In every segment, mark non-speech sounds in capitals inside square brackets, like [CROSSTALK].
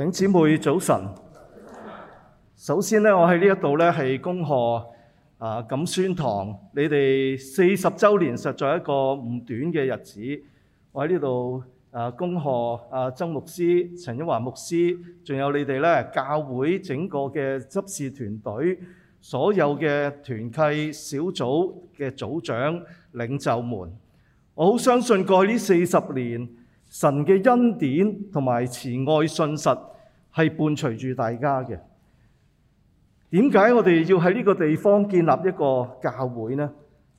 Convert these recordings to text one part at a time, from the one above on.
弟姐妹早晨。首先咧，我喺呢一度咧係恭賀啊錦宣堂你哋四十周年，實在一個唔短嘅日子。我喺呢度啊恭賀啊曾牧師、陳一華牧師，仲有你哋咧教會整個嘅執事團隊所有嘅團契小組嘅組長領袖們。我好相信過去呢四十年，神嘅恩典同埋慈愛信實係伴隨住大家嘅。點解我哋要喺呢個地方建立一個教會呢？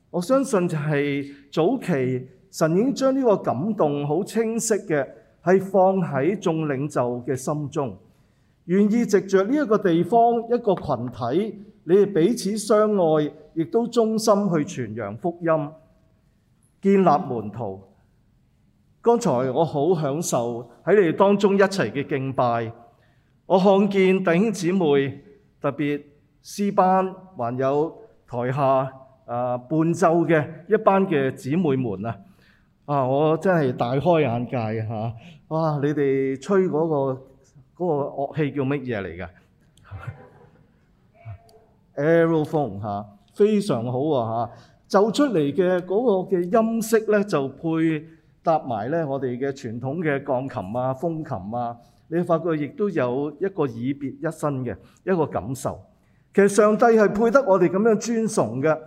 我相信就係早期神已經將呢個感動好清晰嘅，係放喺眾領袖嘅心中，願意藉着呢一個地方一個群體，你哋彼此相愛，亦都忠心去傳揚福音，建立門徒。剛才我好享受喺你哋當中一齊嘅敬拜，我看見弟兄姊妹特別詩班，還有台下啊、呃、伴奏嘅一班嘅姊妹們啊啊！我真係大開眼界啊哇，你哋吹嗰個嗰個樂器叫乜嘢嚟㗎 [LAUGHS] ？Aerophone 嚇、啊，非常好喎嚇、啊，奏出嚟嘅嗰個嘅音色咧就配。搭埋咧，我哋嘅傳統嘅鋼琴啊、風琴啊，你發覺亦都有一個耳別一身嘅一個感受。其實上帝係配得我哋咁樣尊崇嘅。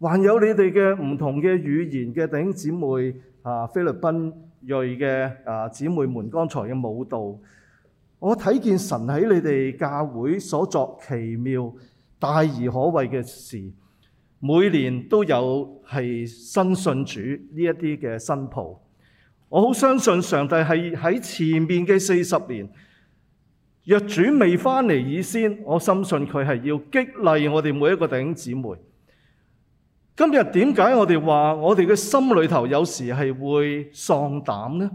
還有你哋嘅唔同嘅語言嘅弟兄姊妹啊，菲律賓裔嘅啊姊妹們，剛才嘅舞蹈，我睇見神喺你哋教會所作奇妙大而可畏嘅事。每年都有係新信主呢一啲嘅新抱。我好相信上帝係喺前面嘅四十年，若主未翻嚟以先我深信佢係要激勵我哋每一個弟兄姊妹。今日點解我哋話我哋嘅心裏頭有時係會喪膽呢？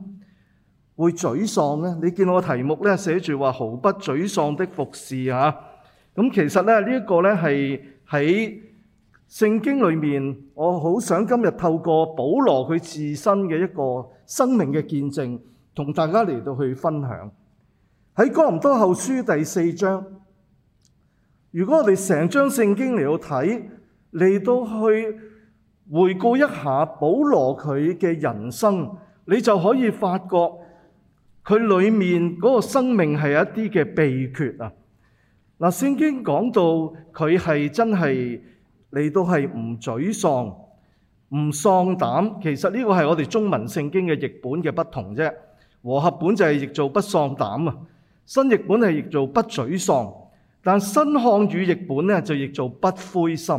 會沮喪呢？你見我題目咧寫住話毫不沮喪的服侍啊！咁其實咧呢一個咧係喺。聖經裏面，我好想今日透過保羅佢自身嘅一個生命嘅見證，同大家嚟到去分享。喺哥林多後書第四章，如果我哋成章聖經嚟到睇，嚟到去回顧一下保羅佢嘅人生，你就可以發覺佢裏面嗰個生命係一啲嘅秘訣啊。嗱，聖經講到佢係真係。你都係唔沮喪、唔喪膽。其實呢個係我哋中文聖經嘅譯本嘅不同啫。和合本就係譯做不喪膽啊，新譯本係譯做不沮喪。但新漢語譯本咧就譯做不灰心。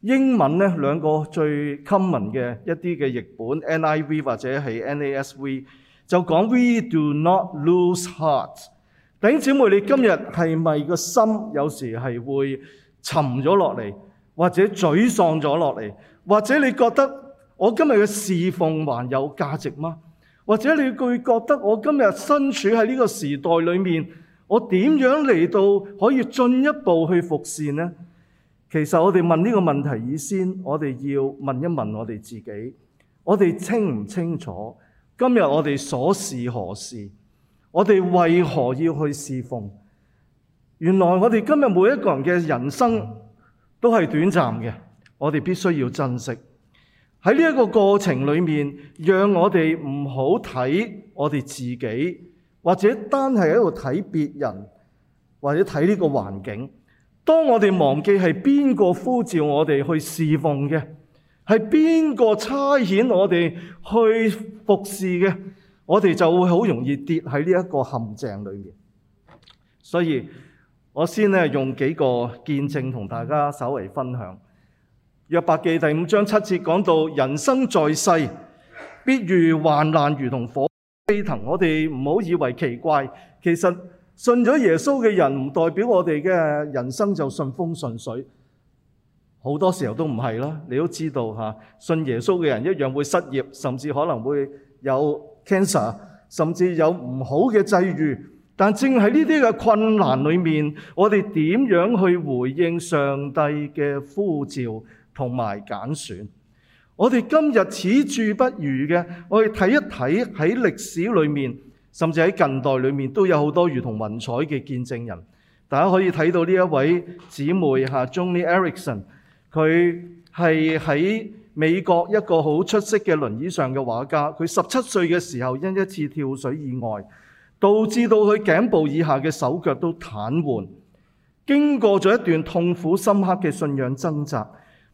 英文咧兩個最 common 嘅一啲嘅譯本，NIV 或者係 NASV 就講 We do not lose heart。頂姊妹，你今日係咪個心有時係會沉咗落嚟？或者沮喪咗落嚟，或者你覺得我今日嘅侍奉還有價值嗎？或者你會覺得我今日身處喺呢個時代裏面，我點樣嚟到可以進一步去服事呢？其實我哋問呢個問題，以先我哋要問一問我哋自己，我哋清唔清楚今日我哋所事何事？我哋為何要去侍奉？原來我哋今日每一個人嘅人生。都係短暫嘅，我哋必須要珍惜。喺呢一個過程裏面，讓我哋唔好睇我哋自己，或者單係喺度睇別人，或者睇呢個環境。當我哋忘記係邊個呼召我哋去侍奉嘅，係邊個差遣我哋去服侍嘅，我哋就會好容易跌喺呢一個陷阱裏面。所以。我先咧用幾個見證同大家稍微分享。約伯記第五章七節講到，人生在世，必遇患難，如同火飛騰。我哋唔好以為奇怪，其實信咗耶穌嘅人唔代表我哋嘅人生就順風順水，好多時候都唔係啦。你都知道吓，信耶穌嘅人一樣會失業，甚至可能會有 cancer，甚至有唔好嘅際遇。但正喺呢啲嘅困難裏面，我哋點樣去回應上帝嘅呼召同埋揀選？我哋今日始終不渝嘅，我哋睇一睇喺歷史裏面，甚至喺近代裏面都有好多如同雲彩嘅見證人。大家可以睇到呢一位姊妹嚇 Joni Eareckson，佢係喺美國一個好出色嘅輪椅上嘅畫家。佢十七歲嘅時候因一次跳水意外，導致到佢頸部以下嘅手腳都癱瘓，經過咗一段痛苦深刻嘅信仰掙扎，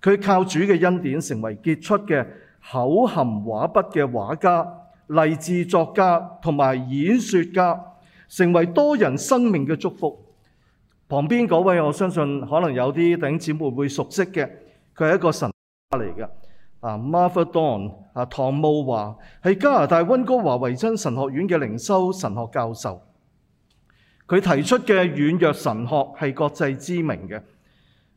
佢靠主嘅恩典成為傑出嘅口含畫筆嘅畫家、勵志作家同埋演說家，成為多人生命嘅祝福。旁邊嗰位，我相信可能有啲弟兄姊妹會熟悉嘅，佢係一個神家嚟嘅啊，Martha Don。啊，唐慕華係加拿大溫哥華維真神學院嘅靈修神學教授，佢提出嘅軟弱神學係國際知名嘅。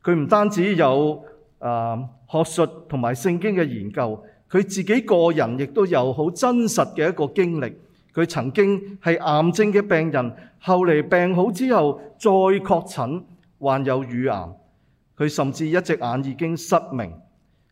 佢唔單止有啊、呃、學術同埋聖經嘅研究，佢自己個人亦都有好真實嘅一個經歷。佢曾經係癌症嘅病人，後嚟病好之後再確診患有乳癌，佢甚至一隻眼已經失明。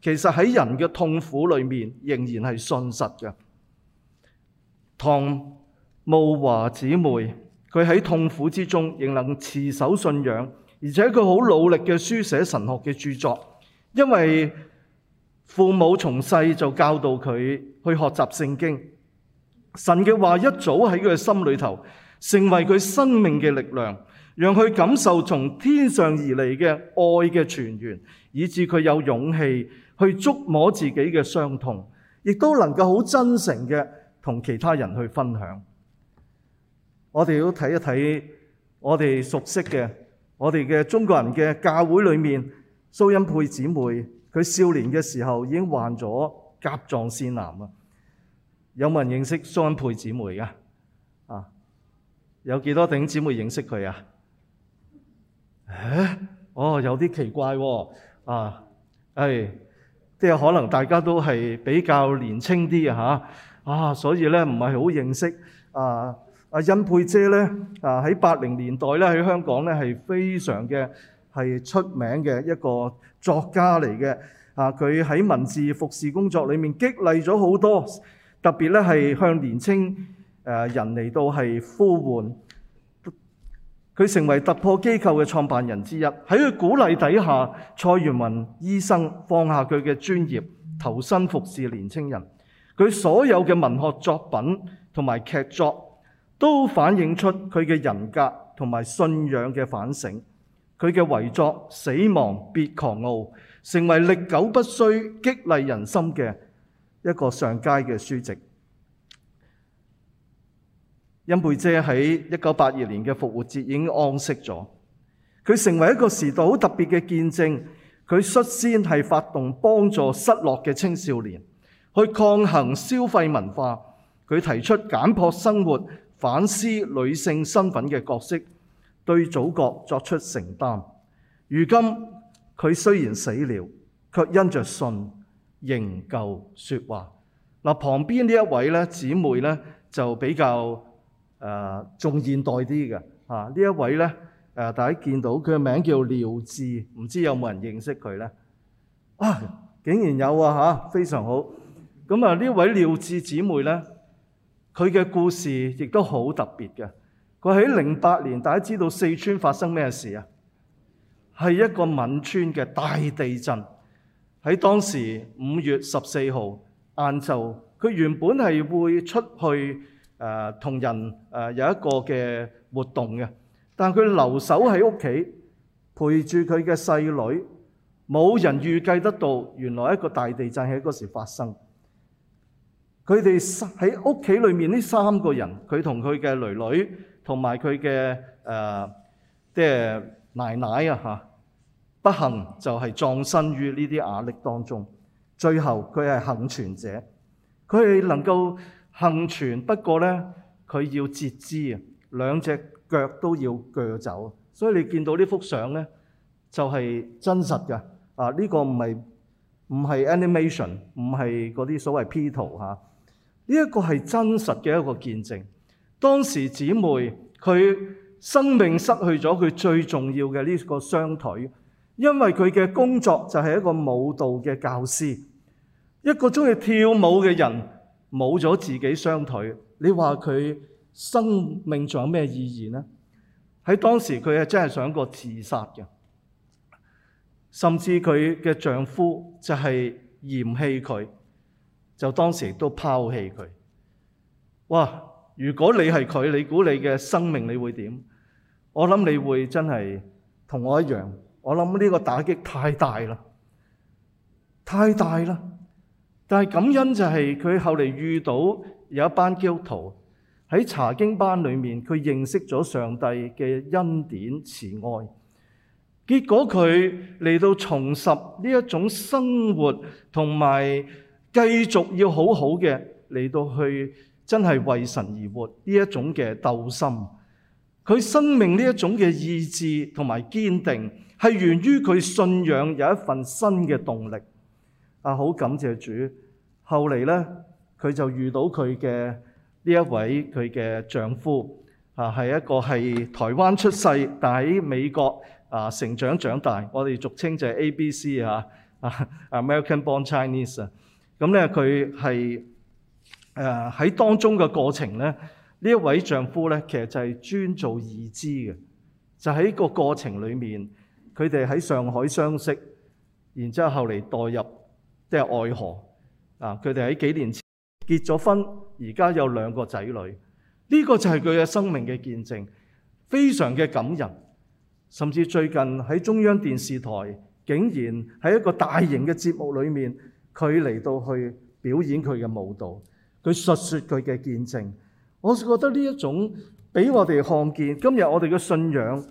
其實喺人嘅痛苦裏面，仍然係信實嘅。唐慕華姊妹，佢喺痛苦之中仍能持守信仰，而且佢好努力嘅書寫神學嘅著作。因為父母從細就教導佢去學習聖經，神嘅話一早喺佢嘅心裏頭，成為佢生命嘅力量，讓佢感受從天上而嚟嘅愛嘅泉源，以至佢有勇氣。去觸摸自己嘅傷痛，亦都能夠好真誠嘅同其他人去分享。我哋要睇一睇我哋熟悉嘅我哋嘅中國人嘅教會裏面，蘇恩佩姊妹，佢少年嘅時候已經患咗甲狀腺癌啊！有冇人認識蘇恩佩姊妹㗎？啊，有幾多頂姊妹認識佢啊？誒，哦，有啲奇怪喎，啊！啊，係、哎。即係可能大家都係比較年青啲嚇，啊，所以咧唔係好認識啊。阿殷佩姐咧，啊，喺八零年代咧，喺香港咧，係非常嘅係出名嘅一個作家嚟嘅。啊，佢喺文字服侍工作裡面激勵咗好多，特別咧係向年青誒人嚟到係呼喚。佢成為突破機構嘅創辦人之一，喺佢鼓勵底下，蔡元雲醫生放下佢嘅專業，投身服侍年青人。佢所有嘅文學作品同埋劇作，都反映出佢嘅人格同埋信仰嘅反省。佢嘅遺作《死亡別狂傲》，成為歷久不衰、激勵人心嘅一個上佳嘅書籍。因貝姐喺一九八二年嘅復活節已經安息咗，佢成為一個時代好特別嘅見證。佢率先係發動幫助失落嘅青少年，去抗衡消費文化。佢提出簡樸生活、反思女性身份嘅角色，對祖國作出承擔。如今佢雖然死了，卻因着信仍舊説話。嗱，旁邊呢一位咧姊妹咧就比較。誒仲、呃、現代啲嘅嚇呢一位呢，誒、啊、大家見到佢嘅名叫廖智，唔知有冇人認識佢呢？啊，竟然有啊嚇、啊，非常好。咁啊呢位廖智姊妹呢，佢嘅故事亦都好特別嘅。佢喺零八年，大家知道四川發生咩事啊？係一個汶川嘅大地震。喺當時五月十四號晏晝，佢原本係會出去，誒同人誒有一個嘅活動嘅，但係佢留守喺屋企陪住佢嘅細女，冇人預計得到原來一個大地震喺嗰時發生。佢哋喺屋企裏面呢三個人，佢同佢嘅囡囡同埋佢嘅誒即係奶奶啊嚇，不幸就係葬身於呢啲瓦礫當中。最後佢係幸存者，佢係能夠倖存不過呢，佢要截肢啊，兩隻腳都要鋸走，所以你見到呢幅相呢，就係真實嘅啊！呢個唔係唔係 animation，唔係嗰啲所謂 P 圖嚇，呢一個係真實嘅一個見證。當時姊妹佢生命失去咗佢最重要嘅呢個雙腿，因為佢嘅工作就係一個舞蹈嘅教師，一個中意跳舞嘅人。冇咗自己雙腿，你話佢生命仲有咩意義呢？喺當時佢係真係想過自殺嘅，甚至佢嘅丈夫就係嫌棄佢，就當時亦都拋棄佢。哇！如果你係佢，你估你嘅生命你會點？我諗你會真係同我一樣。我諗呢個打擊太大啦，太大啦！但係感恩就係佢後嚟遇到有一班基督徒喺查經班裏面，佢認識咗上帝嘅恩典慈愛。結果佢嚟到重拾呢一種生活，同埋繼續要好好嘅嚟到去真係為神而活呢一種嘅鬥心。佢生命呢一種嘅意志同埋堅定，係源於佢信仰有一份新嘅動力。啊，好感謝主。後嚟咧，佢就遇到佢嘅呢一位佢嘅丈夫，啊，係一個係台灣出世，但喺美國啊成長長大。我哋俗稱就係 A.B.C. 啊，啊，American-born Chinese。咁咧，佢係誒喺當中嘅過程咧，呢一位丈夫咧，其實就係專做義肢嘅。就喺個過程裡面，佢哋喺上海相識，然之後後嚟代入。即係愛河，啊！佢哋喺幾年前結咗婚，而家有兩個仔女。呢個就係佢嘅生命嘅見證，非常嘅感人。甚至最近喺中央電視台，竟然喺一個大型嘅節目裏面，佢嚟到去表演佢嘅舞蹈，佢述説佢嘅見證。我覺得呢一種俾我哋看見，今日我哋嘅信仰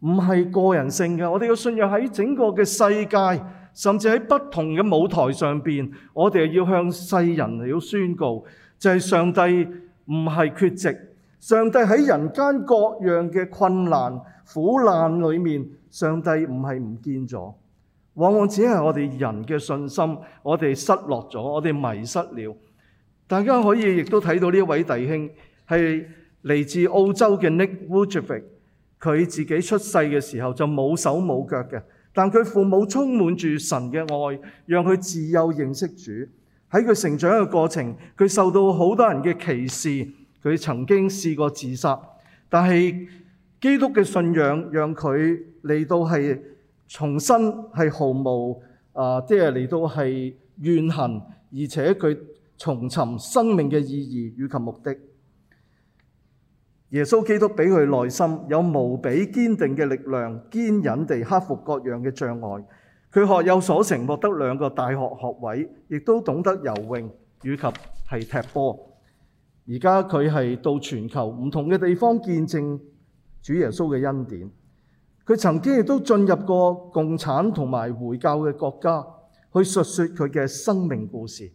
唔係個人性嘅，我哋嘅信仰喺整個嘅世界。甚至喺不同嘅舞台上邊，我哋要向世人嚟，宣告，就係上帝唔係缺席，上帝喺人間各樣嘅困難苦難裏面，上帝唔係唔見咗，往往只係我哋人嘅信心，我哋失落咗，我哋迷失了。大家可以亦都睇到呢一位弟兄係嚟自澳洲嘅 Nick Woodruff，佢自己出世嘅時候就冇手冇腳嘅。但佢父母充滿住神嘅愛，讓佢自幼認識主。喺佢成長嘅過程，佢受到好多人嘅歧視，佢曾經試過自殺。但係基督嘅信仰，讓佢嚟到係重生，係毫無啊，即係嚟到係怨恨，而且佢重尋生命嘅意義與其目的。耶穌基督俾佢內心有無比堅定嘅力量，堅忍地克服各樣嘅障礙。佢學有所成，獲得兩個大學學位，亦都懂得游泳以及係踢波。而家佢係到全球唔同嘅地方見證主耶穌嘅恩典。佢曾經亦都進入過共產同埋回教嘅國家，去述説佢嘅生命故事。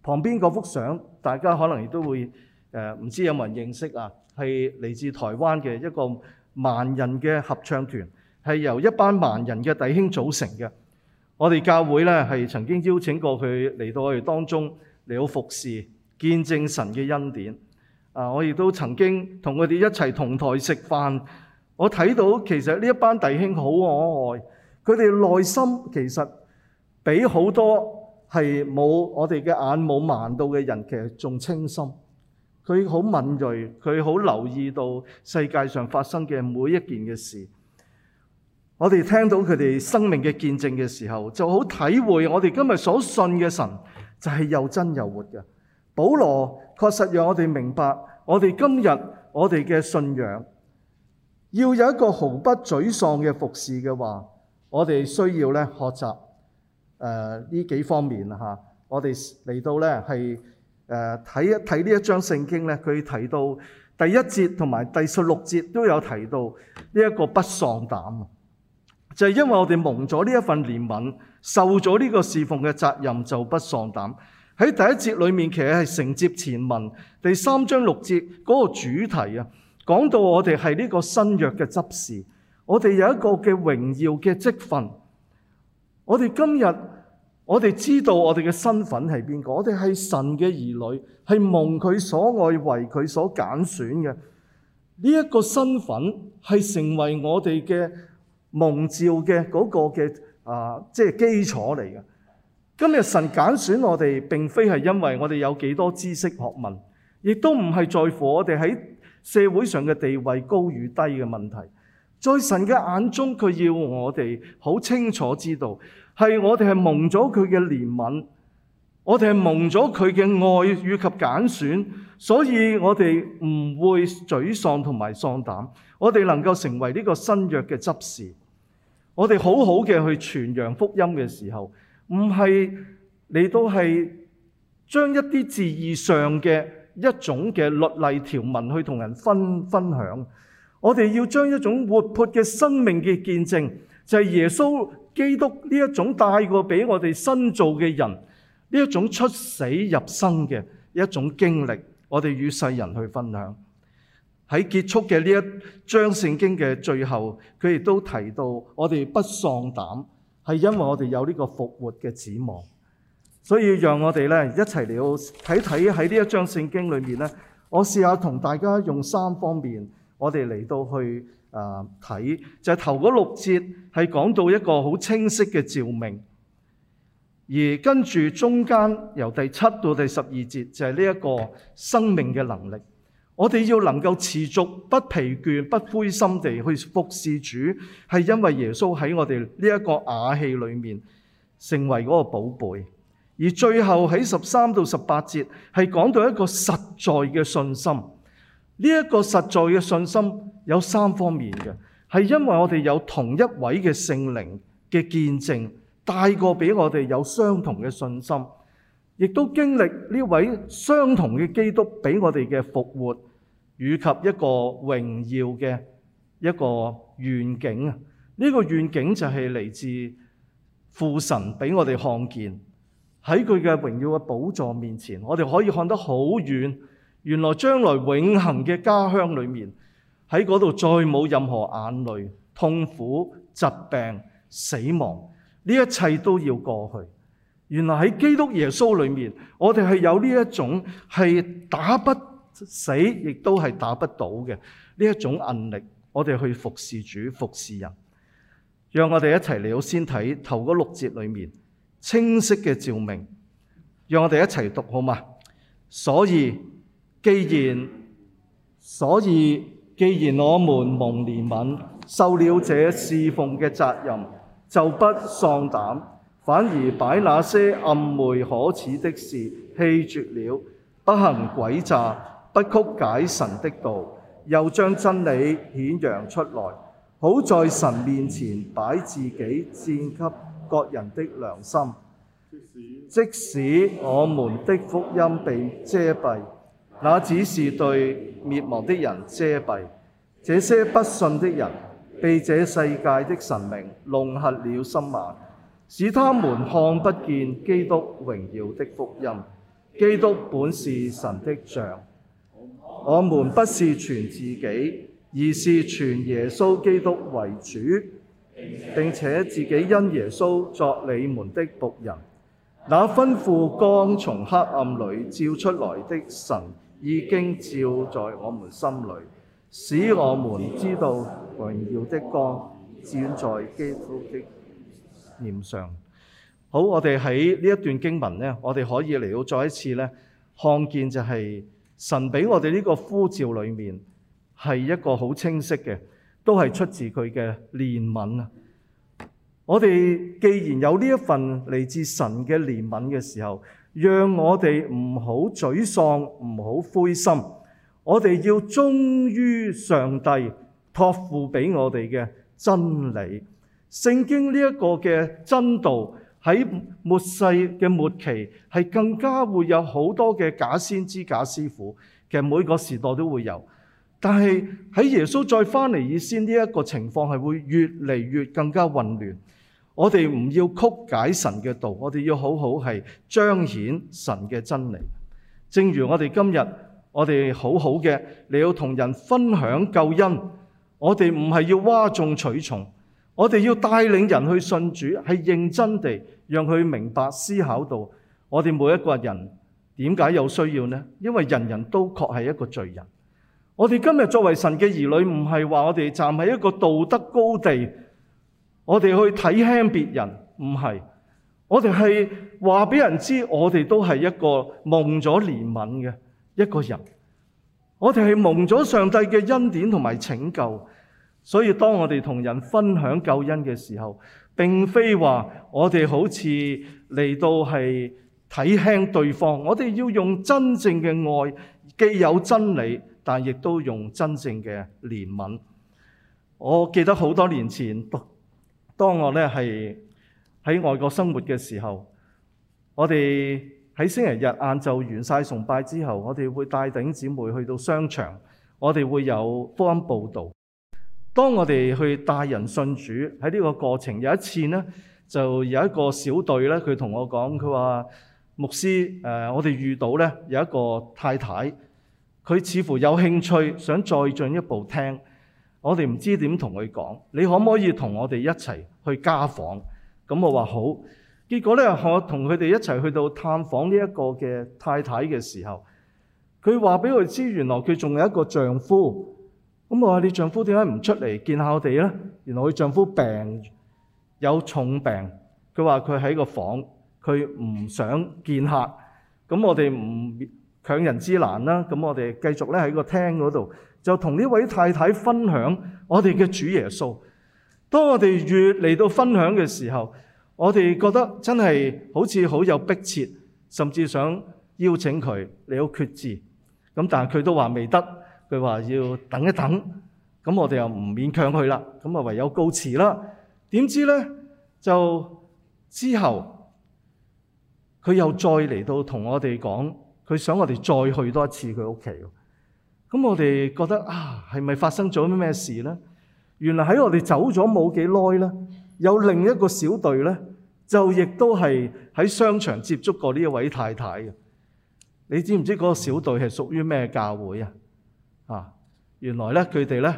旁邊嗰幅相，大家可能亦都會誒，唔知有冇人認識啊？係嚟自台灣嘅一個盲人嘅合唱團，係由一班盲人嘅弟兄組成嘅。我哋教會呢，係曾經邀請過佢嚟到我哋當中嚟到服侍，見證神嘅恩典。啊，我亦都曾經同佢哋一齊同台食飯。我睇到其實呢一班弟兄好可愛，佢哋內心其實比好多係冇我哋嘅眼冇盲到嘅人，其實仲清心。佢好敏銳，佢好留意到世界上發生嘅每一件嘅事。我哋聽到佢哋生命嘅見證嘅時候，就好體會我哋今日所信嘅神就係、是、又真又活嘅。保羅確實讓我哋明白，我哋今日我哋嘅信仰要有一個毫不沮喪嘅服侍嘅話，我哋需要咧學習誒呢、呃、幾方面吓、啊。我哋嚟到咧係。誒，睇、呃、一睇呢一章聖經咧，佢提到第一節同埋第十六節都有提到呢一個不喪膽就係、是、因為我哋蒙咗呢一份憐憫，受咗呢個侍奉嘅責任，就不喪膽。喺第一節裏面，其實係承接前文，第三章六節嗰個主題啊，講到我哋係呢個新約嘅執事，我哋有一個嘅榮耀嘅職分，我哋今日。我哋知道我哋嘅身份係邊個，我哋係神嘅兒女，係蒙佢所愛，為佢所揀選嘅。呢一個身份係成為我哋嘅蒙召嘅嗰個嘅啊，即係基礎嚟嘅。今日神揀選我哋，並非係因為我哋有幾多知識學問，亦都唔係在乎我哋喺社會上嘅地位高與低嘅問題。在神嘅眼中，佢要我哋好清楚知道。係我哋係蒙咗佢嘅憐憫，我哋係蒙咗佢嘅愛與及揀選，所以我哋唔會沮喪同埋喪膽，我哋能夠成為呢個新約嘅執事，我哋好好嘅去傳揚福音嘅時候，唔係你都係將一啲字義上嘅一種嘅律例條文去同人分分享，我哋要將一種活潑嘅生命嘅見證，就係、是、耶穌，基督呢一種帶過俾我哋新造嘅人，呢一種出死入生嘅一種經歷，我哋與世人去分享。喺結束嘅呢一章聖經嘅最後，佢亦都提到我哋不喪膽，係因為我哋有呢個復活嘅指望。所以讓我哋咧一齊嚟到睇睇喺呢一章聖經裏面咧，我試下同大家用三方面，我哋嚟到去。啊！睇就係、是、頭嗰六節係講到一個好清晰嘅照明，而跟住中間由第七到第十二節就係呢一個生命嘅能力。我哋要能夠持續不疲倦、不、疲倦不灰心地去服侍主，係因為耶穌喺我哋呢一個瓦器裏面成為嗰個寶貝。而最後喺十三到十八節係講到一個實在嘅信心，呢、這、一個實在嘅信心。有三方面嘅，係因為我哋有同一位嘅聖靈嘅見證，帶過俾我哋有相同嘅信心，亦都經歷呢位相同嘅基督俾我哋嘅復活，以及一個榮耀嘅一個願景啊！呢個願景就係嚟自父神俾我哋看見，喺佢嘅榮耀嘅寶座面前，我哋可以看得好遠，原來將來永恆嘅家鄉裏面。喺嗰度再冇任何眼淚、痛苦、疾病、死亡，呢一切都要過去。原來喺基督耶穌裏面，我哋係有呢一種係打不死，亦都係打不倒嘅呢一種韌力。我哋去服侍主、服侍人，讓我哋一齊嚟好先睇頭嗰六節裏面清晰嘅照明。讓我哋一齊讀好嗎？所以，既然，所以。既然我們蒙憐憫，受了這侍奉嘅責任，就不喪膽，反而擺那些暗昧可恥的事，棄絕了，不行詭詐，不曲解神的道，又將真理顯揚出來，好在神面前擺自己，薦給各人的良心。即使我們的福音被遮蔽。那只是對滅亡的人遮蔽，這些不信的人被這世界的神明弄瞎了心眼，使他們看不見基督榮耀的福音。基督本是神的像，我們不是傳自己，而是傳耶穌基督為主，並且自己因耶穌作你們的僕人。那吩咐光從黑暗裏照出來的神。已經照在我們心裡，使我們知道榮耀的光顯在基督的臉上。好，我哋喺呢一段經文呢，我哋可以嚟到再一次呢，看見就係神俾我哋呢個呼召裏面係一個好清晰嘅，都係出自佢嘅憐憫啊！我哋既然有呢一份嚟自神嘅憐憫嘅時候，讓我哋唔好沮喪，唔好灰心。我哋要忠於上帝託付俾我哋嘅真理。聖經呢一個嘅真道喺末世嘅末期係更加會有好多嘅假先知、假師傅。其實每個時代都會有，但係喺耶穌再翻嚟以先呢一個情況係會越嚟越更加混亂。我哋唔要曲解神嘅道，我哋要好好係彰顯神嘅真理。正如我哋今日，我哋好好嘅，你要同人分享救恩，我哋唔係要嘩眾取寵，我哋要帶領人去信主，係認真地讓佢明白思考到，我哋每一個人點解有需要呢？因為人人都確係一個罪人。我哋今日作為神嘅兒女，唔係話我哋站喺一個道德高地。我哋去睇輕別人，唔係，我哋係話俾人知，我哋都係一個蒙咗憐憫嘅一個人。我哋係蒙咗上帝嘅恩典同埋拯救，所以當我哋同人分享救恩嘅時候，並非話我哋好似嚟到係睇輕對方。我哋要用真正嘅愛，既有真理，但亦都用真正嘅憐憫。我記得好多年前讀。當我咧係喺外國生活嘅時候，我哋喺星期日晏晝完晒崇拜之後，我哋會帶頂姊妹去到商場，我哋會有福音佈道。當我哋去帶人信主喺呢個過程，有一次呢就有一個小隊咧，佢同我講，佢話牧師誒，呃，我哋遇到咧有一個太太，佢似乎有興趣想再進一步聽。我哋唔知點同佢講，你可唔可以同我哋一齊去家訪？咁我話好，結果咧，我同佢哋一齊去到探訪呢一個嘅太太嘅時候，佢話俾佢知，原來佢仲有一個丈夫。咁我話你丈夫點解唔出嚟見下我哋咧？原來佢丈夫病有重病，佢話佢喺個房，佢唔想見客。咁我哋唔強人之難啦。咁我哋繼續咧喺個廳嗰度。就同呢位太太分享我哋嘅主耶穌。當我哋越嚟到分享嘅時候，我哋覺得真係好似好有迫切，甚至想邀請佢嚟到決志。咁但係佢都話未得，佢話要等一等。咁我哋又唔勉強佢啦。咁啊唯有告辭啦。點知呢？就之後佢又再嚟到同我哋講，佢想我哋再去多一次佢屋企。咁我哋覺得啊，係咪發生咗咩事呢？原來喺我哋走咗冇幾耐咧，有另一個小隊咧，就亦都係喺商場接觸過呢一位太太嘅。你知唔知嗰個小隊係屬於咩教會啊？啊，原來咧佢哋咧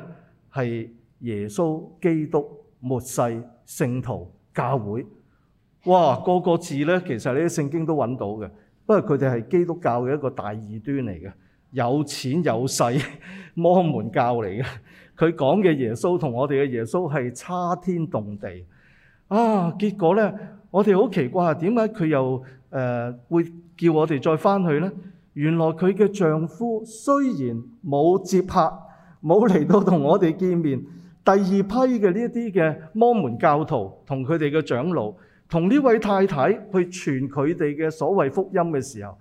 係耶穌基督末世聖徒教會。哇，個個字咧，其實你啲聖經都揾到嘅。不過佢哋係基督教嘅一個大異端嚟嘅。有錢有勢，摩門教嚟嘅。佢講嘅耶穌同我哋嘅耶穌係差天動地。啊，結果咧，我哋好奇怪啊，點解佢又誒、呃、會叫我哋再翻去咧？原來佢嘅丈夫雖然冇接客，冇嚟到同我哋見面。第二批嘅呢一啲嘅摩門教徒同佢哋嘅長老，同呢位太太去傳佢哋嘅所謂福音嘅時候，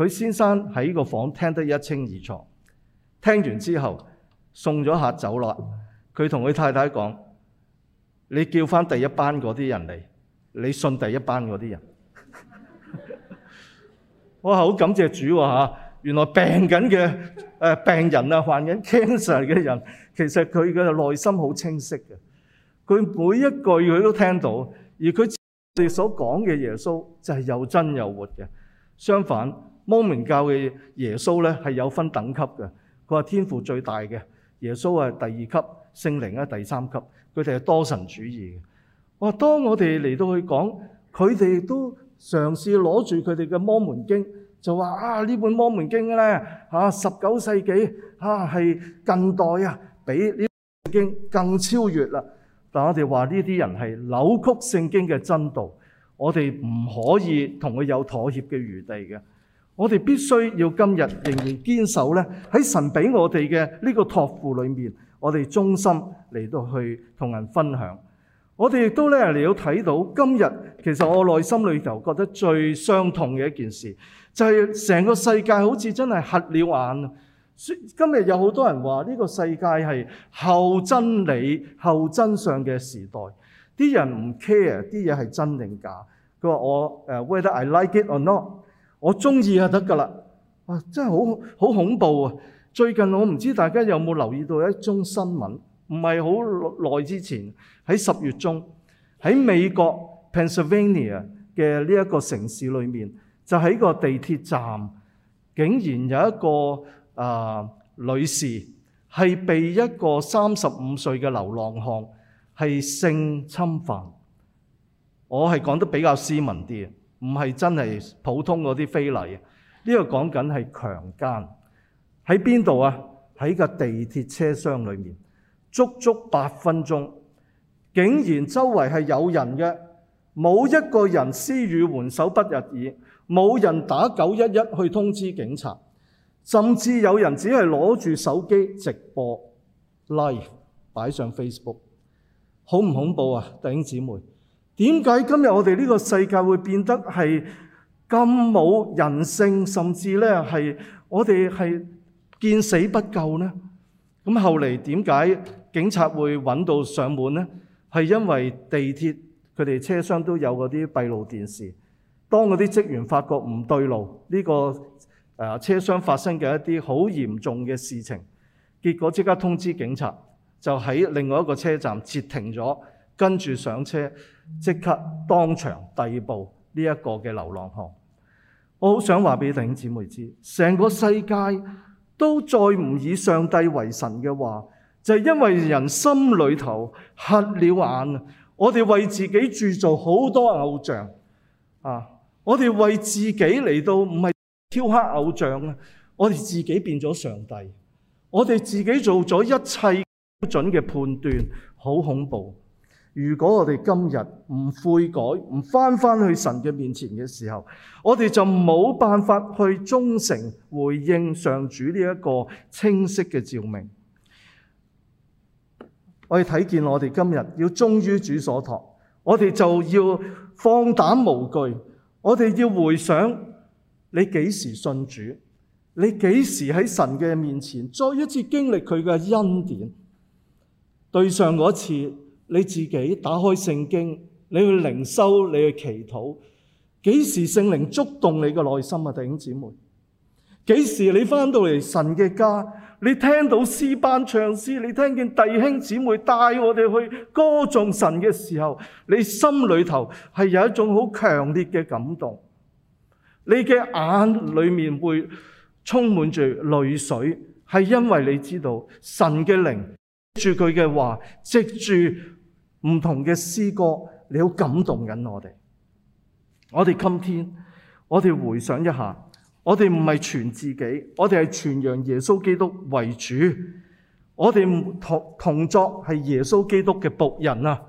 佢先生喺個房聽得一清二楚，聽完之後送咗客走啦。佢同佢太太講：你叫翻第一班嗰啲人嚟，你信第一班嗰啲人。 [LAUGHS] 我好感謝主嚇、啊，原來病緊嘅誒病人啊、患緊 cancer 嘅人，其實佢嘅內心好清晰嘅。佢每一句佢都聽到，而佢哋所講嘅耶穌就係又真又活嘅。相反，摩門教嘅耶穌咧係有分等級嘅，佢話天父最大嘅，耶穌係第二級，聖靈咧第三級，佢哋係多神主義嘅。我當我哋嚟到去講，佢哋都嘗試攞住佢哋嘅摩門經，就話啊呢本摩門經咧，吓十九世紀吓係、啊、近代啊比呢經更超越啦。但我哋話呢啲人係扭曲聖經嘅真道，我哋唔可以同佢有妥協嘅餘地嘅。我哋必須要今日仍然堅守咧，喺神俾我哋嘅呢個託付裏面，我哋忠心嚟到去同人分享。我哋亦都咧嚟到睇到今日，其實我內心裏頭覺得最傷痛嘅一件事，就係成個世界好似真係瞎了眼。今日有好多人話呢個世界係後真理、後真相嘅時代，啲人唔 care 啲嘢係真定假。佢話我誒，whether I like it or not。我中意就得噶啦！真係好好恐怖啊！最近我唔知大家有冇留意到一宗新聞，唔係好耐之前喺十月中喺美國 Pennsylvania 嘅呢一個城市裏面，就喺個地鐵站，竟然有一個啊、呃、女士係被一個三十五歲嘅流浪漢係性侵犯。我係講得比較斯文啲唔係真係普通嗰啲非禮，呢個講緊係強姦。喺邊度啊？喺個地鐵車廂裡面，足足八分鐘，竟然周圍係有人嘅，冇一個人施以援手不入耳，冇人打九一一去通知警察，甚至有人只係攞住手機直播 live 擺上 Facebook，恐唔恐怖啊？弟兄姊妹！點解今日我哋呢個世界會變得係咁冇人性，甚至咧係我哋係見死不救咧？咁後嚟點解警察會揾到上門咧？係因為地鐵佢哋車廂都有嗰啲閉路電視，當嗰啲職員發覺唔對路，呢個誒車廂發生嘅一啲好嚴重嘅事情，結果即刻通知警察，就喺另外一個車站截停咗。跟住上車，即刻當場逮捕呢一個嘅流浪漢。我好想話俾弟兄姊妹知，成個世界都再唔以上帝為神嘅話，就係、是、因為人心裡頭黑了眼，我哋為自己鑄造好多偶像啊！我哋為自己嚟到唔係挑黑偶像啊！我哋自己變咗上帝，我哋自己做咗一切不準嘅判斷，好恐怖。如果我哋今日唔悔改，唔翻翻去神嘅面前嘅時候，我哋就冇辦法去忠誠回應上主呢一個清晰嘅照明。我哋睇見我哋今日要忠於主所託，我哋就要放膽無懼。我哋要回想你幾時信主，你幾時喺神嘅面前再一次經歷佢嘅恩典，對上嗰次。你自己打開聖經，你去靈修，你去祈禱，幾時聖靈觸動你嘅內心啊？弟兄姊妹，幾時你返到嚟神嘅家，你聽到詩班唱詩，你聽見弟兄姊妹帶我哋去歌頌神嘅時候，你心裏頭係有一種好強烈嘅感動，你嘅眼裏面會充滿住淚水，係因為你知道神嘅靈住佢嘅話，藉住。唔同嘅詩歌，你好感動緊我哋。我哋今天，我哋回想一下，我哋唔係傳自己，我哋係傳揚耶穌基督為主。我哋同同作係耶穌基督嘅僕人啊！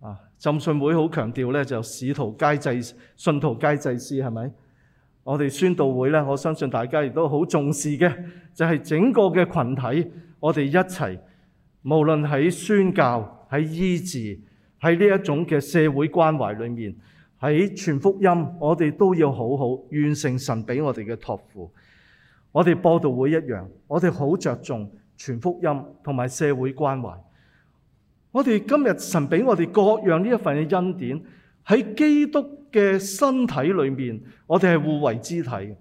啊，浸信會好強調咧，就使徒皆祭、信徒皆祭司係咪？我哋宣道會咧，我相信大家亦都好重視嘅，就係、是、整個嘅群體，我哋一齊，無論喺宣教。喺醫治，喺呢一種嘅社會關懷裏面，喺傳福音，我哋都要好好完成神俾我哋嘅託付。我哋播道會一樣，我哋好着重傳福音同埋社會關懷。我哋今日神俾我哋各樣呢一份嘅恩典，喺基督嘅身體裏面，我哋係互為肢體。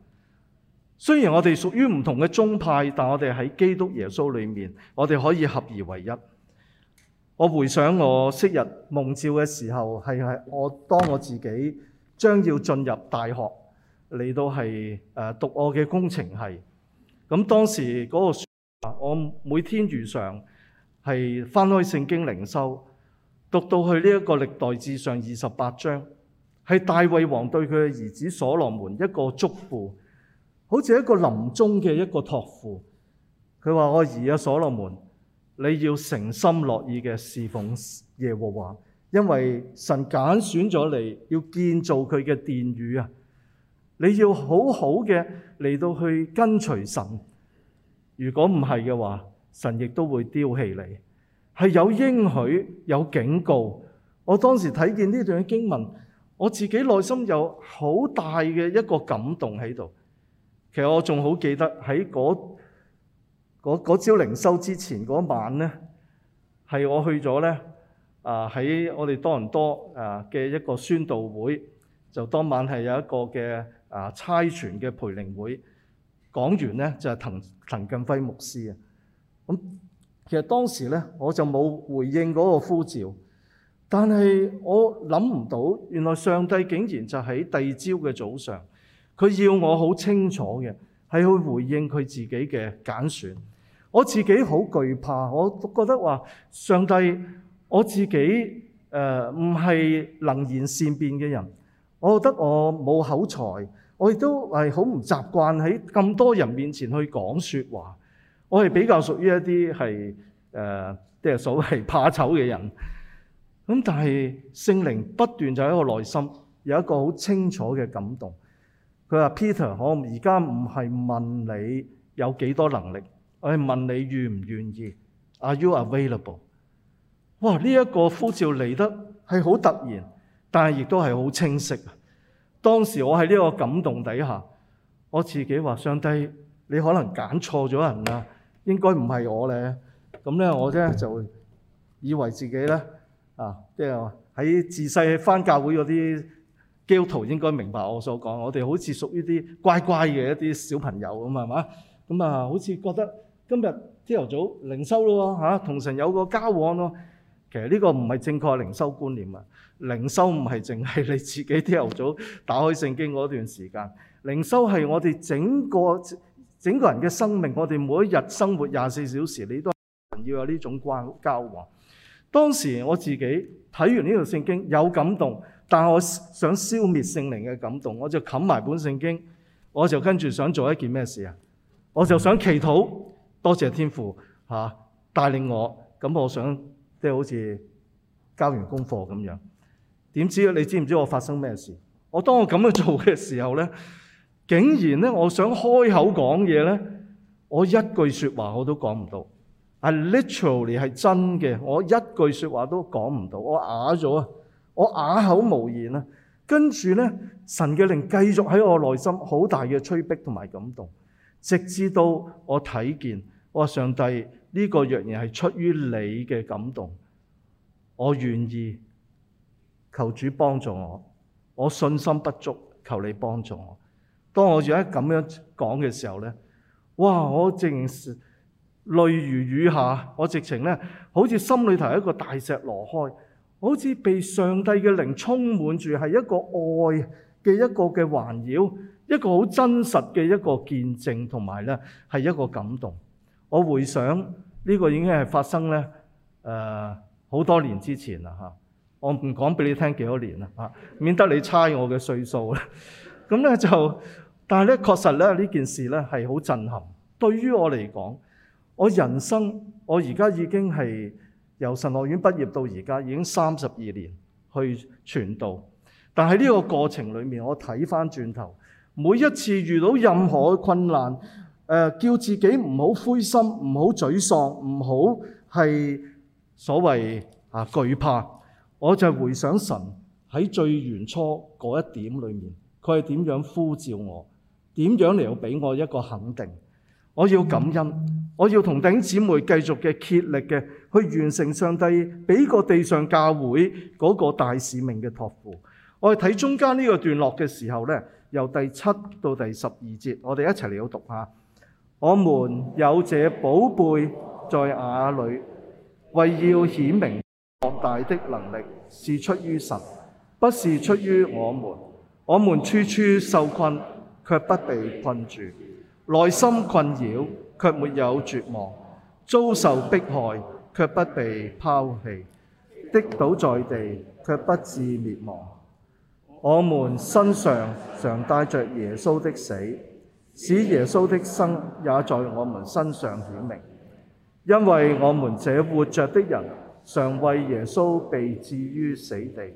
雖然我哋屬於唔同嘅宗派，但我哋喺基督耶穌裏面，我哋可以合而為一。我回想我昔日蒙召嘅時候，係係我當我自己將要進入大學，嚟到。係誒讀我嘅工程系。咁當時嗰個我每天遇上係翻開聖經靈修，讀到去呢一個歷代志上二十八章，係大衛王對佢嘅兒子所羅門一個祝福，好似一個臨終嘅一個託付。佢話：我兒啊，所羅門。你要誠心樂意嘅侍奉耶和華，因為神揀選咗你，要建造佢嘅殿宇啊！你要好好嘅嚟到去跟隨神，如果唔係嘅話，神亦都會丟棄你。係有應許，有警告。我當時睇見呢段經文，我自己內心有好大嘅一個感動喺度。其實我仲好記得喺嗰。嗰嗰朝靈修之前嗰晚咧，係我去咗咧啊喺我哋多倫多啊嘅一個宣道會，就當晚係有一個嘅啊差傳嘅培靈會，講完咧就係滕滕近輝牧師啊。咁其實當時咧我就冇回應嗰個呼召，但係我諗唔到，原來上帝竟然就喺第二朝嘅早上，佢要我好清楚嘅係去回應佢自己嘅揀選。我自己好懼怕，我我覺得話上帝，我自己誒唔係能言善辯嘅人，我覺得我冇口才，我亦都係好唔習慣喺咁多人面前去講說話，我係比較屬於一啲係誒即係所謂怕醜嘅人。咁但係聖靈不斷就喺我內心有一個好清楚嘅感動，佢話 Peter，我而家唔係問你有幾多能力。我係問你願唔願意？Are you available？哇！呢一個呼召嚟得係好突然，但係亦都係好清晰。當時我喺呢個感動底下，我自己話：上帝，你可能揀錯咗人啦，應該唔係我咧。咁咧，我咧就以為自己咧啊，即係喺自細返教會嗰啲基督徒應該明白我所講。我哋好似屬於啲乖乖嘅一啲小朋友咁係嘛？咁啊，好似覺得。今日朝頭早靈修咯喎、嚇、同神有個交往咯。其實呢個唔係正確靈修觀念啊！靈修唔係淨係你自己朝頭早打開聖經嗰段時間，靈修係我哋整個整個人嘅生命。我哋每一日生活廿四小時，你都要有呢種關交往。當時我自己睇完呢條聖經有感動，但係我想消滅聖靈嘅感動，我就冚埋本聖經，我就跟住想做一件咩事啊？我就想祈禱。多謝天父吓帶領我，咁我想即係好似交完功課咁樣。點知你知唔知我發生咩事？我當我咁樣做嘅時候咧，竟然咧我想開口講嘢咧，我一句說話我都講唔到。係 literally 係真嘅，我一句說話都講唔到，我啞咗啊，我啞口無言啊。跟住咧，神嘅靈繼續喺我內心好大嘅催逼同埋感動，直至到我睇見。我上帝呢個若然係出於你嘅感動，我願意求主幫助我。我信心不足，求你幫助我。當我而家咁樣講嘅時候咧，哇！我淨係淚如雨下，我直情咧好似心裏頭一個大石挪開，好似被上帝嘅靈充滿住，係一個愛嘅一個嘅環繞，一個好真實嘅一個見證，同埋咧係一個感動。我回想呢、這個已經係發生咧，誒、呃、好多年之前啦嚇。我唔講俾你聽幾多年啦嚇，免得你猜我嘅歲數啦。咁咧就，但係咧確實咧呢件事咧係好震撼。對於我嚟講，我人生我而家已經係由神學院畢業到而家已經三十二年去傳道。但係呢個過程裡面，我睇翻轉頭，每一次遇到任何困難。呃、叫自己唔好灰心，唔好沮喪，唔好係所謂啊懼怕。我就回想神喺最原初嗰一點裏面，佢係點樣呼召我？點樣嚟到俾我一個肯定？我要感恩，我要同頂姊妹繼續嘅竭力嘅去完成上帝俾個地上教會嗰個大使命嘅託付。我哋睇中間呢個段落嘅時候呢，由第七到第十二節，我哋一齊嚟到讀下。我們有這寶貝在瓦裡，為要顯明莫大的能力是出於神，不是出於我們。我們處處受困，卻不被困住；內心困擾，卻沒有絕望；遭受迫害，卻不被拋棄；跌倒在地，卻不致滅亡。我們身上常帶着耶穌的死。使耶穌的生也在我們身上顯明，因為我們這活着的人常為耶穌被置於死地，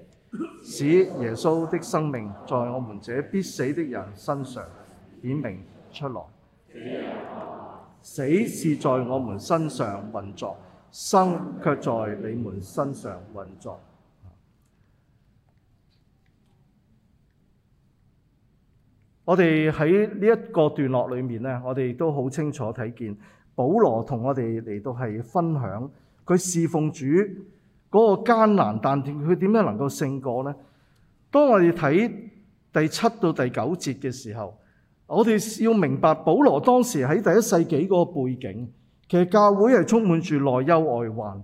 使耶穌的生命在我們這必死的人身上顯明出來。啊、死是在我們身上運作，生卻在你們身上運作。我哋喺呢一個段落裏面呢，我哋都好清楚睇見，保羅同我哋嚟到係分享佢侍奉主嗰個艱難，但佢點樣能夠勝過呢？當我哋睇第七到第九節嘅時候，我哋要明白保羅當時喺第一世紀個背景，其實教會係充滿住內憂外患，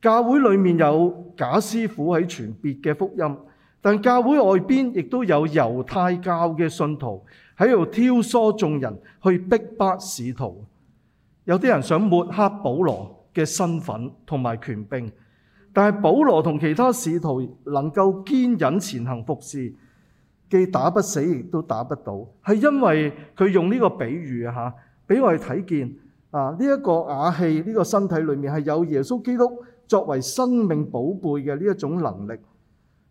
教會裡面有假師傅喺傳別嘅福音。但教會外邊亦都有猶太教嘅信徒喺度挑唆眾人去逼迫使徒，有啲人想抹黑保羅嘅身份同埋權柄，但係保羅同其他使徒能夠堅忍前行服侍，既打不死亦都打不倒，係因為佢用呢個比喻吓俾我哋睇見啊呢一個瓦器呢、這個身體裏面係有耶穌基督作為生命寶貝嘅呢一種能力。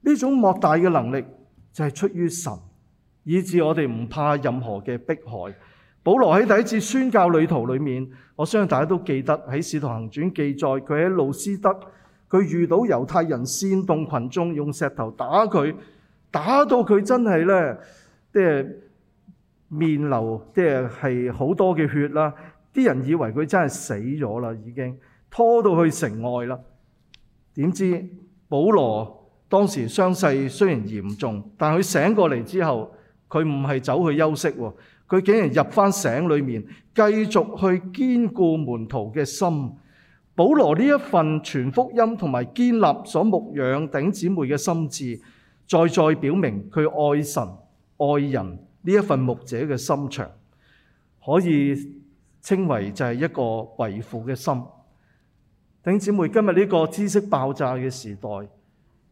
呢種莫大嘅能力就係出於神，以致我哋唔怕任何嘅迫害。保羅喺第一次宣教旅途裏面，我相信大家都記得喺《使徒行傳》記載，佢喺路斯德，佢遇到猶太人煽動群眾用石頭打佢，打到佢真係咧，即係面流即係好多嘅血啦。啲人以為佢真係死咗啦，已經拖到去城外啦。點知保羅，當時傷勢雖然嚴重，但佢醒過嚟之後，佢唔係走去休息喎，佢竟然入返城裏面，繼續去堅固門徒嘅心。保羅呢一份傳福音同埋堅立所牧養頂姊妹嘅心智，再再表明佢愛神愛人呢一份牧者嘅心腸，可以稱為就係一個為父嘅心。頂姊妹，今日呢個知識爆炸嘅時代。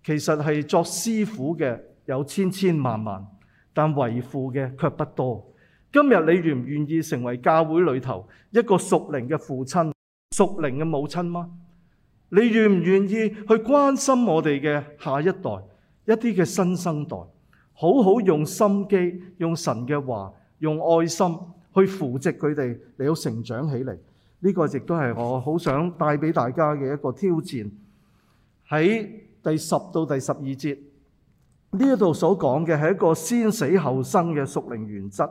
其實係作師傅嘅有千千萬萬，但為父嘅卻不多。今日你願唔願意成為教會裏頭一個屬靈嘅父親、屬靈嘅母親嗎？你願唔願意去關心我哋嘅下一代、一啲嘅新生代，好好用心機、用神嘅話、用愛心去扶植佢哋嚟到成長起嚟？呢、這個亦都係我好想帶俾大家嘅一個挑戰喺。第十到第十二節呢一度所講嘅係一個先死後生嘅屬靈原則，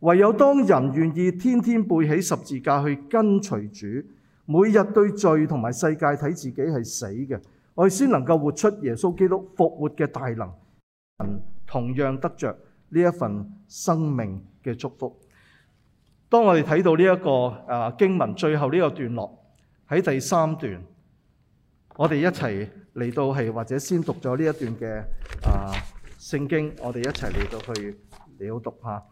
唯有當人願意天天背起十字架去跟隨主，每日對罪同埋世界睇自己係死嘅，我哋先能夠活出耶穌基督復活嘅大能，同樣得着呢一份生命嘅祝福。當我哋睇到呢一個啊經文最後呢個段落，喺第三段。我哋一齊嚟到係或者先讀咗呢一段嘅啊聖經，我哋一齊嚟到去了讀下。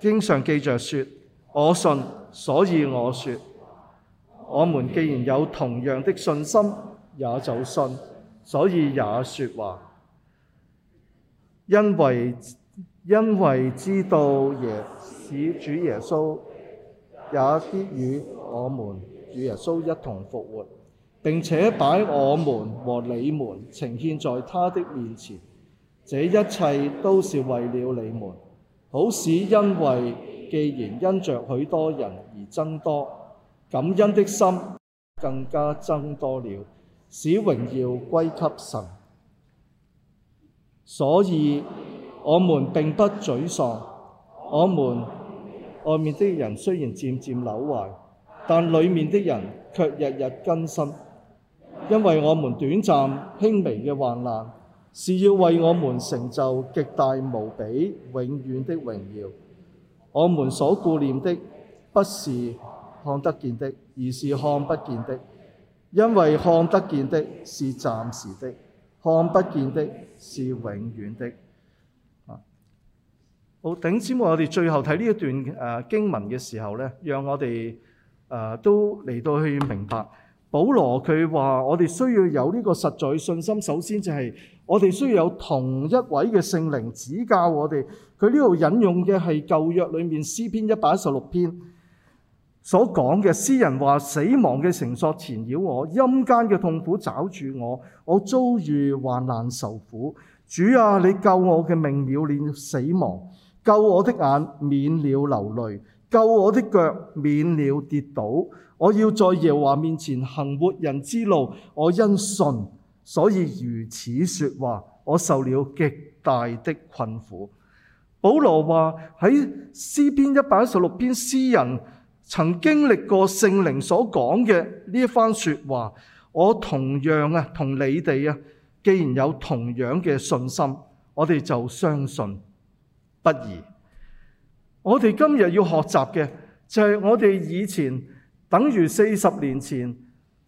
經常記着說，我信，所以我說，我們既然有同樣的信心，也就信，所以也說話。因為因為知道耶使主耶穌。也必與我們與耶穌一同復活，並且把我們和你們呈獻在他的面前。這一切都是為了你們。好使因為既然因着許多人而增多，感恩的心更加增多了，使榮耀歸給神。所以我們並不沮喪，我們。外面的人雖然漸漸朽壞，但裡面的人卻日日更新，因為我們短暫輕微嘅患難，是要為我們成就極大無比永遠的榮耀。我們所顧念的不是看得見的，而是看不見的，因為看得見的是暫時的，看不見的是永遠的。好，頂先我哋最後睇呢一段誒經文嘅時候呢，讓我哋誒，都嚟到去明白，保羅佢話：我哋需要有呢個實在信心。首先就係我哋需要有同一位嘅聖靈指教我哋。佢呢度引用嘅係舊約裏面詩篇一百一十六篇所講嘅，詩人話：死亡嘅繩索纏繞我，陰間嘅痛苦找住我，我遭遇患難受苦。主啊，你救我嘅命，免死亡。救我的眼，免了流淚；救我的腳，免了跌倒。我要在耶和華面前行活人之路。我因信，所以如此說話。我受了極大的困苦。保羅話喺詩篇一百一十六篇詩人曾經歷過聖靈所講嘅呢一番說話。我同樣啊，同你哋啊，既然有同樣嘅信心，我哋就相信。不宜。我哋今日要學習嘅就係、是、我哋以前等於四十年前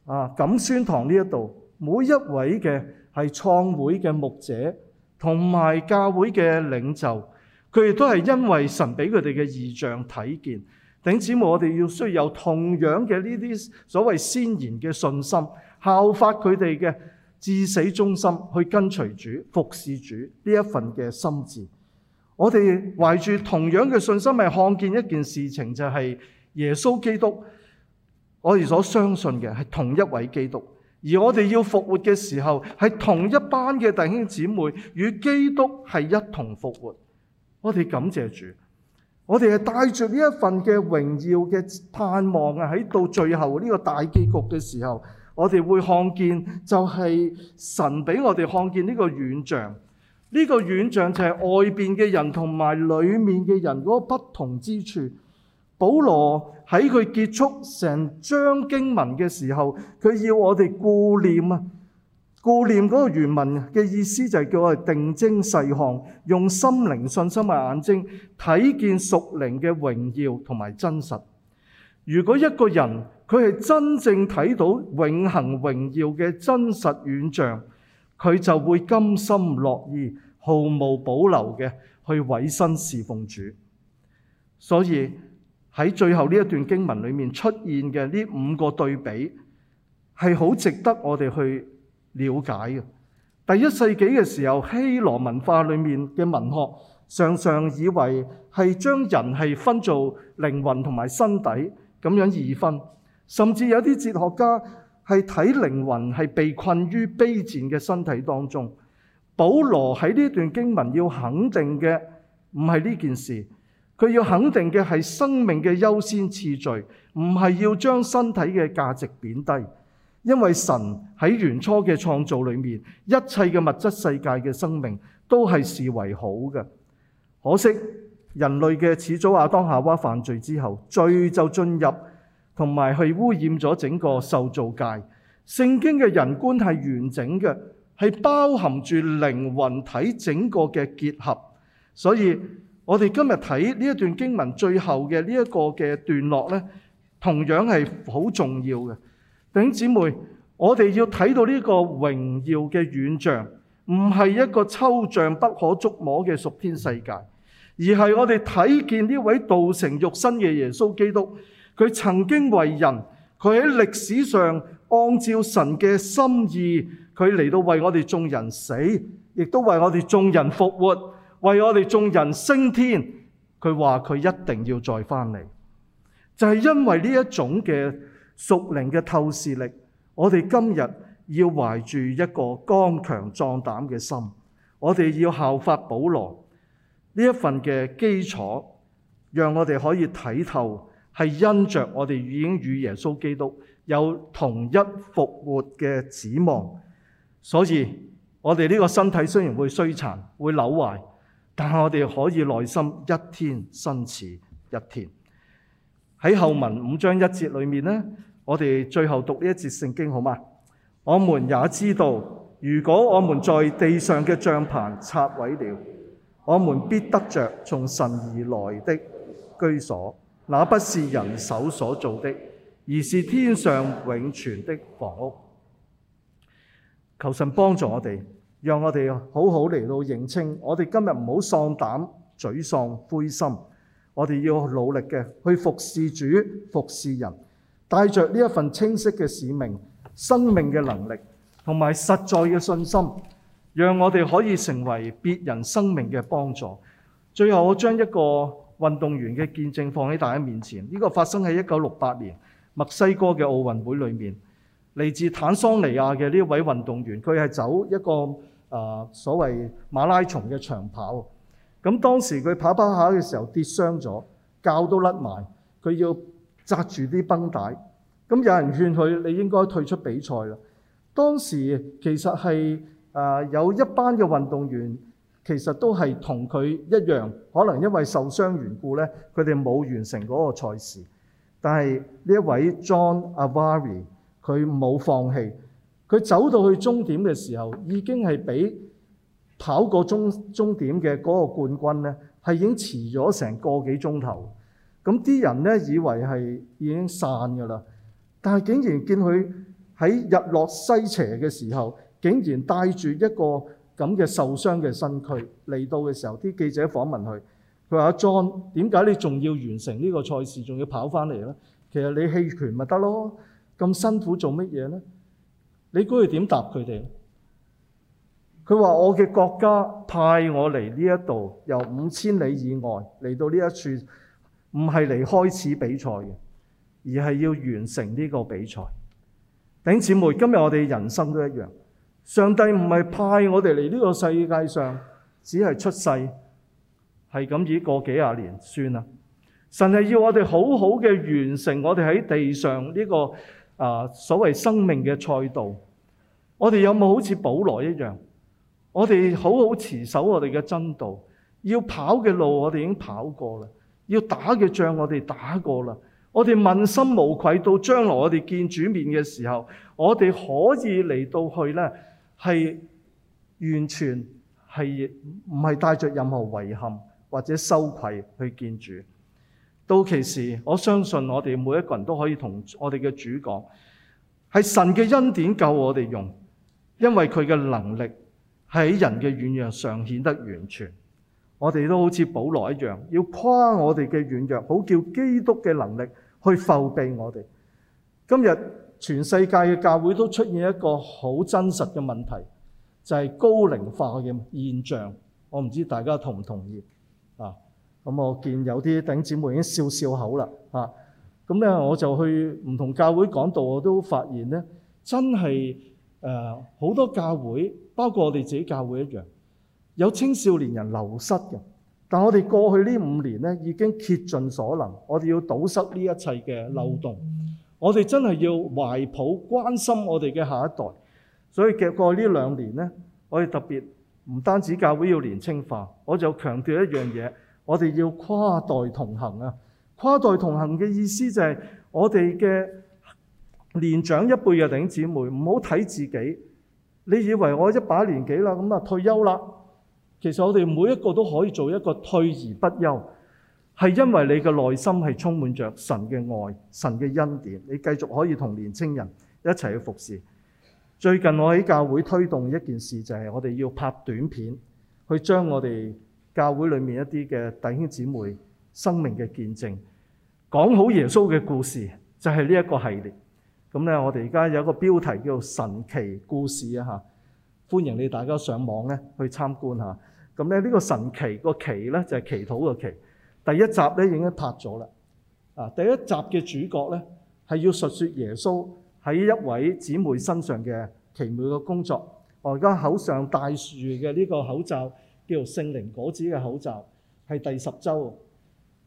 啊，錦宣堂呢一度每一位嘅係創會嘅牧者同埋教會嘅領袖，佢哋都係因為神俾佢哋嘅異象睇見。頂姊妹，我哋要需要有同樣嘅呢啲所謂先賢嘅信心，效法佢哋嘅至死忠心，去跟隨主、服侍主呢一份嘅心志。我哋懷住同樣嘅信心，係看見一件事情，就係耶穌基督，我哋所相信嘅係同一位基督，而我哋要復活嘅時候，係同一班嘅弟兄姊妹與基督係一同復活。我哋感謝主，我哋係帶住呢一份嘅榮耀嘅盼望啊，喺到最後呢個大結局嘅時候，我哋會看見就係神俾我哋看見呢個遠象。呢個遠像就係外邊嘅人同埋裡面嘅人嗰個不同之處。保羅喺佢結束成章經文嘅時候，佢要我哋顧念啊，顧念嗰個原文嘅意思就係叫我哋定睛細看，用心靈、信心嘅眼睛睇見屬靈嘅榮耀同埋真實。如果一個人佢係真正睇到永恆榮耀嘅真實遠像，佢就會甘心樂意、毫無保留嘅去委身侍奉主。所以喺最後呢一段經文裡面出現嘅呢五個對比，係好值得我哋去了解嘅。第一世紀嘅時候，希羅文化裡面嘅文學，常常以為係將人係分做靈魂同埋身體咁樣二分，甚至有啲哲學家。係睇靈魂係被困於卑賤嘅身體當中。保羅喺呢段經文要肯定嘅唔係呢件事，佢要肯定嘅係生命嘅優先次序，唔係要將身體嘅價值貶低。因為神喺原初嘅創造裡面，一切嘅物質世界嘅生命都係視為好嘅。可惜人類嘅始祖亞當夏娃犯罪之後，罪就進入。同埋去污染咗整個受造界。聖經嘅人觀係完整嘅，係包含住靈魂體整個嘅結合。所以我哋今日睇呢一段經文最後嘅呢一個嘅段落呢，同樣係好重要嘅。弟兄姊妹，我哋要睇到呢個榮耀嘅遠象，唔係一個抽象不可捉摸嘅屬天世界，而係我哋睇見呢位道成肉身嘅耶穌基督。佢曾經為人，佢喺歷史上按照神嘅心意，佢嚟到為我哋眾人死，亦都為我哋眾人復活，為我哋眾人升天。佢話佢一定要再翻嚟，就係因為呢一種嘅屬靈嘅透視力。我哋今日要懷住一個剛強壯膽嘅心，我哋要效法保羅呢一份嘅基礎，讓我哋可以睇透。係因着我哋已經與耶穌基督有同一復活嘅指望，所以我哋呢個身體雖然會衰殘、會扭壞，但係我哋可以內心一天新似一天。喺後文五章一節裏面呢，我哋最後讀呢一節聖經好嘛？我們也知道，如果我們在地上嘅帳棚拆毀了，我們必得着從神而來的居所。那不是人手所造的，而是天上永存的房屋。求神幫助我哋，讓我哋好好嚟到認清。我哋今日唔好喪膽、沮喪、灰心。我哋要努力嘅去服侍主、服侍人，帶着呢一份清晰嘅使命、生命嘅能力同埋實在嘅信心，讓我哋可以成為別人生命嘅幫助。最後，我將一個。運動員嘅見證放喺大家面前，呢個發生喺一九六八年墨西哥嘅奧運會裏面，嚟自坦桑尼亞嘅呢位運動員，佢係走一個啊、呃、所謂馬拉松嘅長跑。咁當時佢跑跑下嘅時候跌傷咗，腳都甩埋，佢要紮住啲繃帶。咁有人勸佢，你應該退出比賽啦。當時其實係啊、呃、有一班嘅運動員。其實都係同佢一樣，可能因為受傷緣故呢，佢哋冇完成嗰個賽事。但係呢一位 John Avary，佢冇放棄，佢走到去終點嘅時候，已經係比跑過終終點嘅嗰個冠軍呢係已經遲咗成個幾鐘頭。咁啲人呢以為係已經散㗎啦，但係竟然見佢喺日落西斜嘅時候，竟然帶住一個。咁嘅受傷嘅身軀嚟到嘅時候，啲記者訪問佢，佢話：John，點解你仲要完成呢個賽事，仲要跑翻嚟呢？其實你棄權咪得咯，咁辛苦做乜嘢呢？你估佢點答佢哋？佢話：我嘅國家派我嚟呢一度，由五千里以外嚟到呢一處，唔係嚟開始比賽嘅，而係要完成呢個比賽。頂姊妹，今日我哋人生都一樣。上帝唔係派我哋嚟呢個世界上，只係出世，係咁已過幾廿年算啦。神係要我哋好好嘅完成我哋喺地上呢個啊，所謂生命嘅賽道。我哋有冇好似保羅一樣？我哋好好持守我哋嘅真道，要跑嘅路我哋已經跑過啦，要打嘅仗我哋打過啦。我哋問心無愧，到將來我哋見主面嘅時候，我哋可以嚟到去咧。係完全係唔係帶着任何遺憾或者羞愧去見主？到其時，我相信我哋每一個人都可以同我哋嘅主講，係神嘅恩典夠我哋用，因為佢嘅能力喺人嘅軟弱上顯得完全。我哋都好似保羅一樣，要誇我哋嘅軟弱，好叫基督嘅能力去覆庇我哋。今日。全世界嘅教會都出現一個好真實嘅問題，就係高齡化嘅現象。我唔知大家同唔同意啊？咁我見有啲弟兄姊妹已經笑笑口啦吓。咁咧我就去唔同教會講道，我都發現咧，真係誒好多教會，包括我哋自己教會一樣，有青少年人流失嘅。但我哋過去呢五年咧已經竭盡所能，我哋要堵塞呢一切嘅漏洞。嗯我哋真係要懷抱關心我哋嘅下一代，所以過呢兩年呢，我哋特別唔單止教會要年青化，我就強調一樣嘢，我哋要跨代同行啊！跨代同行嘅意思就係我哋嘅年長一輩嘅弟兄姊妹，唔好睇自己，你以為我一把年紀啦，咁啊退休啦，其實我哋每一個都可以做一個退而不休。係因為你嘅內心係充滿着神嘅愛、神嘅恩典，你繼續可以同年青人一齊去服侍。最近我喺教會推動一件事，就係我哋要拍短片，去將我哋教會裏面一啲嘅弟兄姊妹生命嘅見證，講好耶穌嘅故事，就係呢一個系列。咁咧，我哋而家有一個標題叫做「神奇故事」啊！嚇，歡迎你大家上網咧去參觀下。咁咧，呢個「神奇」個「奇」呢，就係祈禱嘅「奇」。第一集咧已經拍咗啦，啊！第一集嘅主角咧係要述説耶穌喺一位姊妹身上嘅奇妙嘅工作。我而家口上戴住嘅呢個口罩，叫做聖靈果子嘅口罩，係第十週。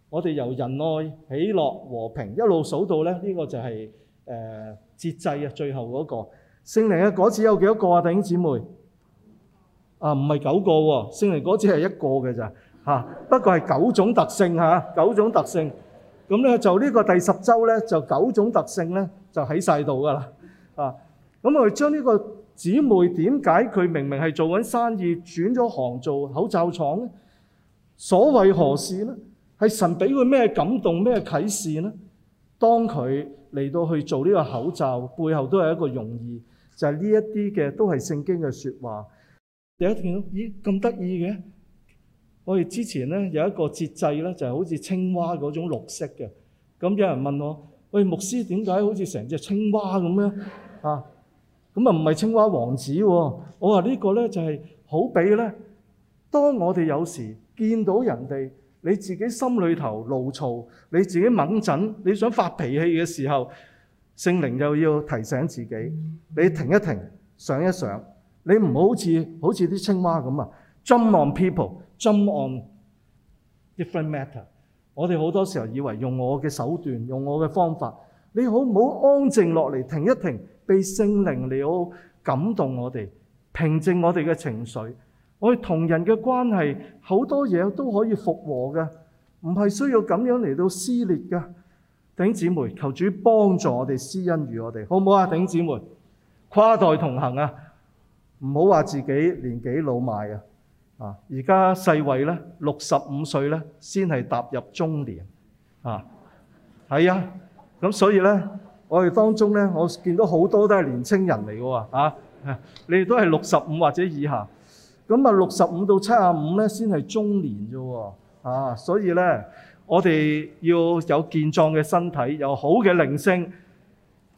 我哋由仁愛、喜樂、和平一路數到咧，呢個就係誒節制，最後嗰個。聖靈嘅果子有幾多個啊？弟兄姊妹，啊唔係九個喎，聖靈果子係一個嘅咋。嚇！ [LAUGHS] 不過係九種特性嚇，九種特性咁咧、嗯，就呢個第十週咧，就九種特性咧，就喺曬度噶啦。啊！咁我將呢個姊妹，點解佢明明係做緊生意，轉咗行做口罩廠咧？所謂何事咧？係神俾佢咩感動、咩啟示咧？當佢嚟到去做呢個口罩，背後都係一個用意，就係、是、呢一啲嘅都係聖經嘅説話。第一見到咦咁得意嘅～我哋之前咧有一個節制咧，就係好似青蛙嗰種綠色嘅。咁有人問我：喂，牧師點解好似成隻青蛙咁咧？啊，咁啊唔係青蛙王子喎。我話呢個咧就係好比咧，當我哋有時見到人哋，你自己心裏頭怒躁，你自己猛震，你想發脾氣嘅時候，聖靈又要提醒自己：你停一停，想一想，你唔好好似好似啲青蛙咁啊，jump on people。Jump on different matter。我哋好多時候以為用我嘅手段，用我嘅方法，你好唔好安靜落嚟停一停，被聖靈嚟好感動我哋，平靜我哋嘅情緒，我哋同人嘅關係好多嘢都可以復和嘅，唔係需要咁樣嚟到撕裂嘅。頂姊妹，求主幫助我哋，施恩與我哋，好唔好啊？頂姊妹，跨代同行啊，唔好話自己年紀老邁啊。啊！而家世衛咧，六十五歲咧，先係踏入中年。啊，係啊。咁所以咧，我哋當中咧，我見到好多都係年青人嚟喎。啊，你哋都係六十五或者以下。咁啊，六十五到七十五咧，先係中年啫。啊，所以咧，我哋要有健壯嘅身體，有好嘅靈性。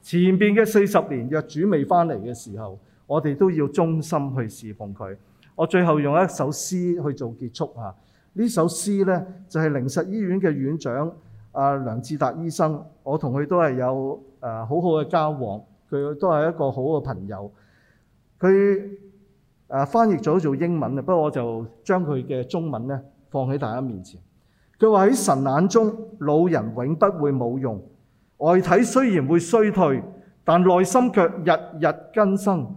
前邊嘅四十年，若主未翻嚟嘅時候，我哋都要忠心去侍奉佢。我最後用一首詩去做結束嚇，呢首詩呢，就係、是、靈實醫院嘅院長阿、呃、梁志達醫生，我同佢都係有誒、呃、好好嘅交往，佢都係一個好嘅朋友。佢、呃、翻譯咗做英文啊，不過我就將佢嘅中文呢放喺大家面前。佢話喺神眼中，老人永不會冇用，外體雖然會衰退，但內心卻日日更新。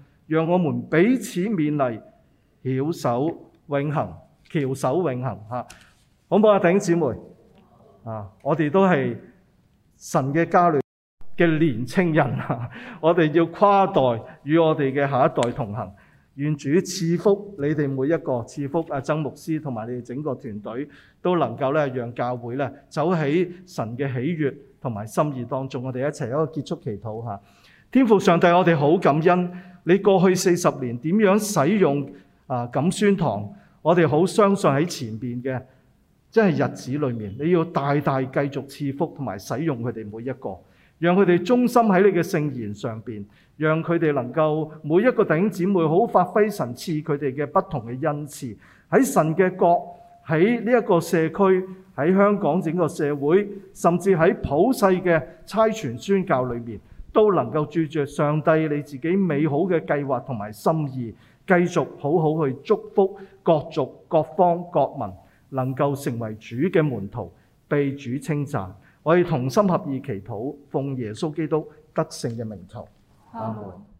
讓我們彼此勉勵，翹首永恒，翹首永恒吓。好唔好啊，弟兄姊妹啊？我哋都係神嘅家裏嘅年青人啊！我哋要跨代與我哋嘅下一代同行，願主賜福你哋每一個，賜福阿曾牧師同埋你哋整個團隊，都能夠咧讓教會咧走喺神嘅喜悅同埋心意當中。我哋一齊一個結束祈禱吓。天父上帝，我哋好感恩。你過去四十年點樣使用啊錦宣堂？我哋好相信喺前邊嘅即係日子裏面，你要大大繼續賜福同埋使用佢哋每一個，讓佢哋忠心喺你嘅聖言上邊，讓佢哋能夠每一個弟兄姊妹好發揮神賜佢哋嘅不同嘅恩賜，喺神嘅國，喺呢一個社區，喺香港整個社會，甚至喺普世嘅差傳宣教裏面。都能夠住着上帝你自己美好嘅計劃同埋心意，繼續好好去祝福各族各方各民，能夠成為主嘅門徒，被主稱讚。我哋同心合意祈禱，奉耶穌基督得勝嘅名求。阿門。